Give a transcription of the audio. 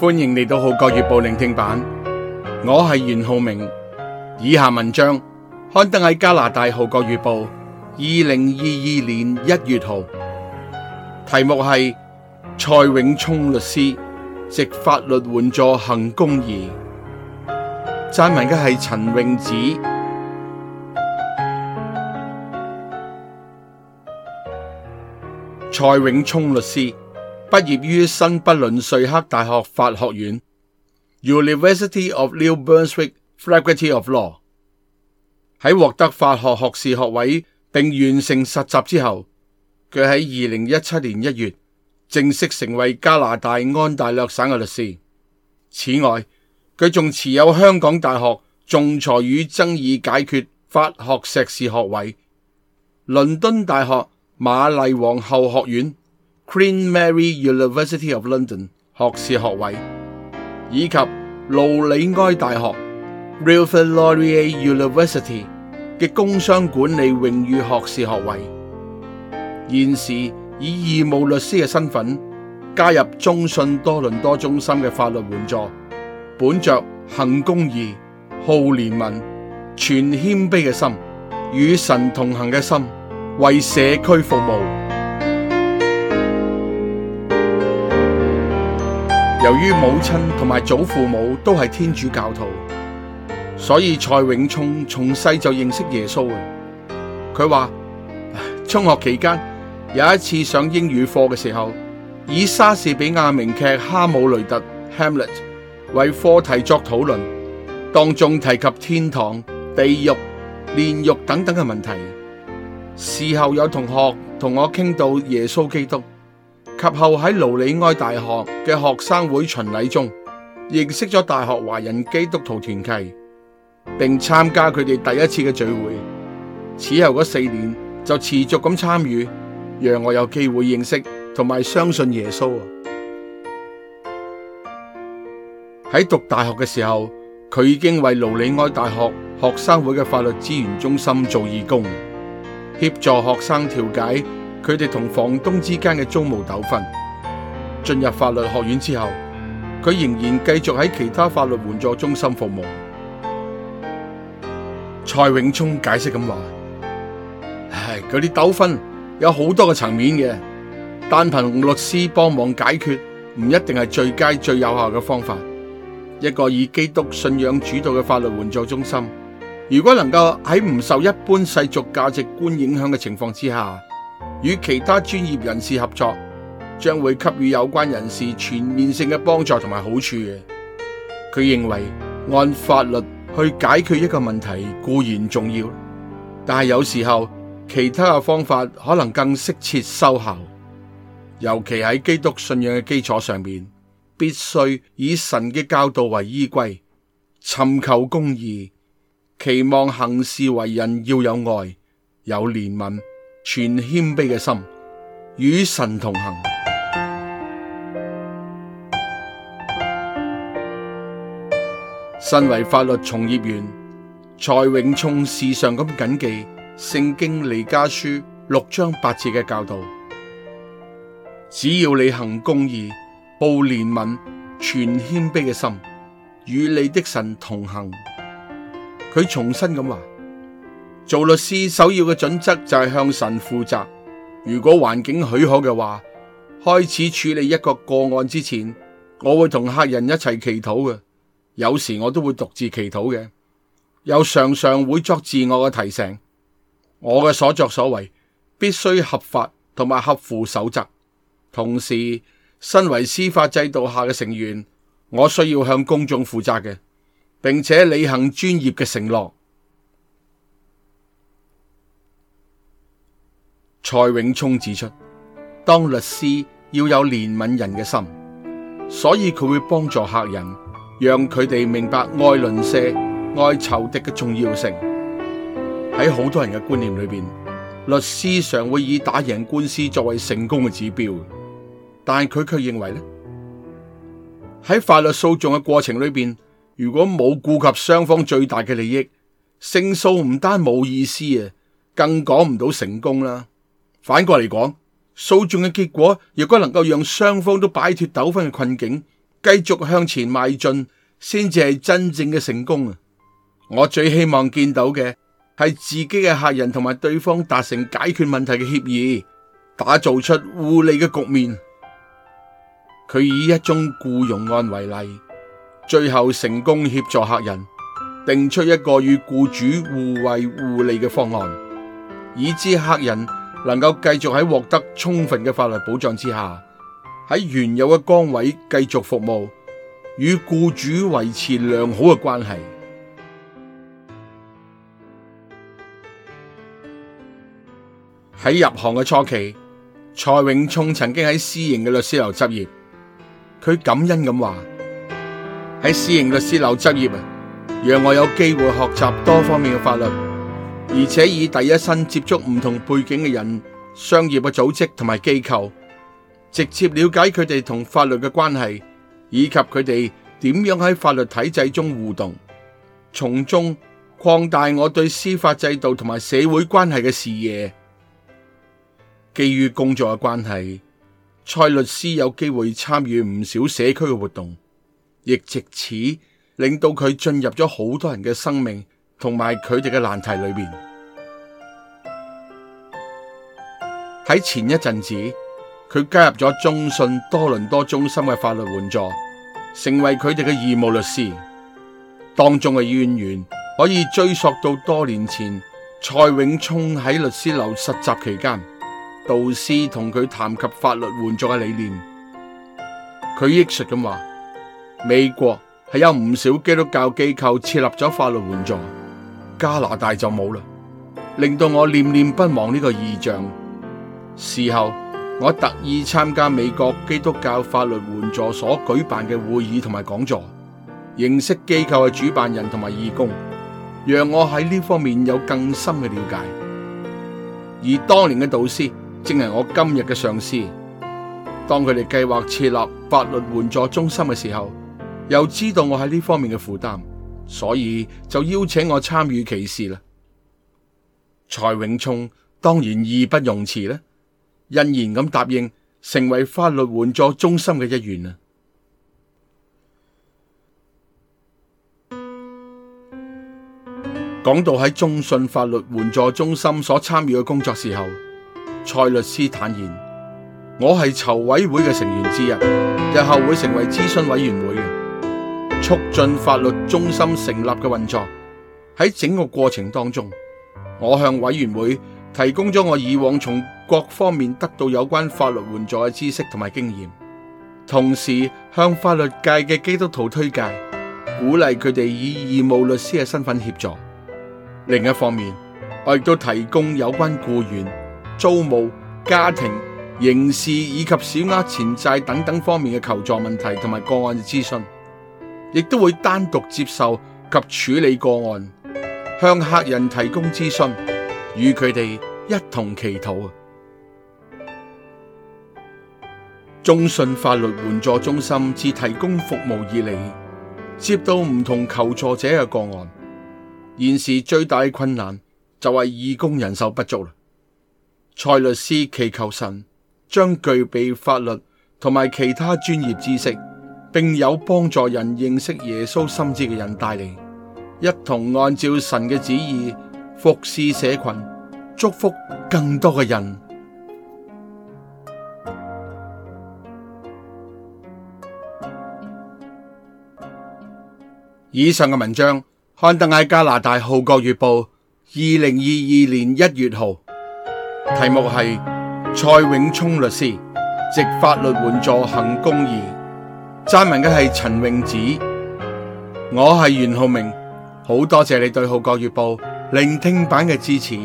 歡迎嚟到《浩國月報》聆聽版，我係袁浩明。以下文章刊登喺加拿大《浩國月報》二零二二年一月號，題目係蔡永聰律師，藉法律援助行公義。撰文嘅係陳永子。蔡永聰律師，畢業於新不倫瑞克大學，大學法學院 （University of New Brunswick Faculty of Law）。喺獲得法學學士學位並完成實習之後，佢喺二零一七年一月正式成為加拿大安大略省嘅律師。此外，佢仲持有香港大學仲裁與爭議解決法學碩士學位、倫敦大學瑪麗皇后學院。Queen Mary University of London 學士學位，以及勞里埃大學 （Wilfrid Laurier University） 嘅工商管理榮譽學士學位。現時以義務律師嘅身份加入中信多倫多中心嘅法律援助，本着行公義、好憐憫、存謙卑嘅心，與神同行嘅心，為社區服務。由於母親同埋祖父母都係天主教徒，所以蔡永聰從細就認識耶穌。佢話中學期間有一次上英語課嘅時候，以莎士比亞名劇《哈姆雷特》（Hamlet） 為課題作討論，當眾提及天堂、地獄、煉獄等等嘅問題。事後有同學同我傾到耶穌基督。及後在勞里埃大學的學生會巡禮中，認識了大學華人基督徒團契，並參加他們第一次的聚會。此後嗰四年就持續咁參與，讓我有機會認識和相信耶穌。在讀大學的時候，他已經為勞里埃大學學生會的法律資源中心做義工，協助學生調解。佢哋同房東之間嘅租務糾紛。進入法律學院之後，佢仍然繼續喺其他法律援助中心服務。蔡永聰解釋咁話：唉，佢啲糾紛有好多嘅層面嘅，單憑律師幫忙解決唔一定係最佳最有效嘅方法。一個以基督信仰主導嘅法律援助中心，如果能夠喺唔受一般世俗價值觀影響嘅情況之下，與其他專業人士合作，將會給予有關人士全面性嘅幫助同埋好處。佢認為按法律去解決一個問題固然重要，但係有時候其他嘅方法可能更適切、收效。尤其喺基督信仰嘅基礎上面，必須以神嘅教導為依歸，尋求公義，期望行事為人要有愛、有憐憫。存謙卑嘅心與神同行。身為法律從業員，蔡永聰時常咁謹記《聖經彌迦書》六章八節嘅教導：只要你行公義、好憐憫、存謙卑嘅心，與你的神同行。佢重新咁話。做律師首要嘅準則就係向神負責。如果環境許可嘅話，開始處理一個個案之前，我會同客人一齊祈禱嘅。有時我都會獨自祈禱的。又常常會作自我嘅提醒，我嘅所作所為必須合法同埋合乎守則。同時，身為司法制度下嘅成員，我需要向公眾負責嘅，並且履行專業嘅承諾。蔡永聰指出，當律師要有憐憫人嘅心，所以佢會幫助客人，讓佢哋明白愛鄰舍、愛仇敵嘅重要性。喺好多人嘅觀念裏面，律師常會以打贏官司作為成功嘅指標，但他佢卻認為呢，喺法律訴訟嘅過程裏面，如果冇顧及雙方最大嘅利益，勝訴唔單冇意思，更講唔到成功啦。反過來講，訴訟嘅結果如果能夠讓雙方都擺脫糾紛嘅困境，繼續向前邁進，先至係真正嘅成功。我最希望見到嘅是自己嘅客人同埋對方達成解決問題嘅協議，打造出互利嘅局面。佢以一宗僱傭案為例，最後成功協助客人定出一個與僱主互惠互利嘅方案，以致客人。能夠繼續喺獲得充分嘅法律保障之下，喺原有嘅崗位繼續服務，與雇主維持良好嘅關係。喺入行嘅初期，蔡永聰曾經喺私營嘅律師樓執業，佢感恩咁話：喺私營律師樓執業，讓我有機會學習多方面嘅法律。而且以第一身接觸唔同背景嘅人、商業嘅組織同埋機構，直接了解佢哋同法律嘅關係，以及佢哋點樣喺法律體制中互動，從中擴大我對司法制度同埋社會關係嘅視野。基於工作嘅關係，蔡律師有機會參與唔少社區嘅活動，亦借此令到佢進入咗好多人嘅生命。同埋佢哋嘅難題裏邊，喺前一陣子，佢加入咗中信多倫多中心嘅法律援助，成為佢哋嘅義務律師。當中嘅淵源可以追溯到多年前，蔡永聰喺律師樓實習期間，導師同佢談及法律援助嘅理念。佢憶述咁話，美國係有唔少基督教機構設立咗法律援助。加拿大就冇了，令到我念念不忘呢個異象。事後我特意參加美國基督教法律援助所舉辦嘅會議同埋講座，認識機構嘅主辦人同埋義工，讓我喺呢方面有更深嘅了解。而當年嘅導師正係我今日嘅上司，當佢哋計劃設立法律援助中心嘅時候，又知道我喺呢方面嘅負擔。所以就邀請我參與其事啦。蔡永聰當然義不容辭呢欣然咁答應成為法律援助中心嘅一員啊。講到喺中信法律援助中心所參與嘅工作時候，蔡律師坦言：我係籌委會嘅成員之一，日後會成為諮詢委員會嘅。促進法律中心成立嘅運作。喺整個過程當中，我向委員會提供咗我以往從各方面得到有關法律援助嘅知識同埋經驗，同時向法律界嘅基督徒推介，鼓勵佢哋以義務律師嘅身份協助。另一方面，我亦都提供有關僱員、租務、家庭、刑事以及小額錢債等等方面嘅求助問題同埋個案嘅諮詢。亦都會單獨接受及處理個案，向客人提供諮詢，與佢哋一同祈禱。中信法律援助中心自提供服務以嚟，接到唔同求助者嘅個案，現時最大嘅困難就係義工人手不足。蔡律師祈求神將具備法律同埋其他專業知識。並有幫助人認識耶穌心智嘅人帶嚟，一同按照神嘅旨意服侍社群，祝福更多嘅人。以上嘅文章刊登喺加拿大《號角月報》二零二二年一月號，題目係蔡永聰律師，藉法律援助行公義。撰文嘅係陳詠子，我係袁浩明，好多謝你對《號角月報》聆聽版嘅支持。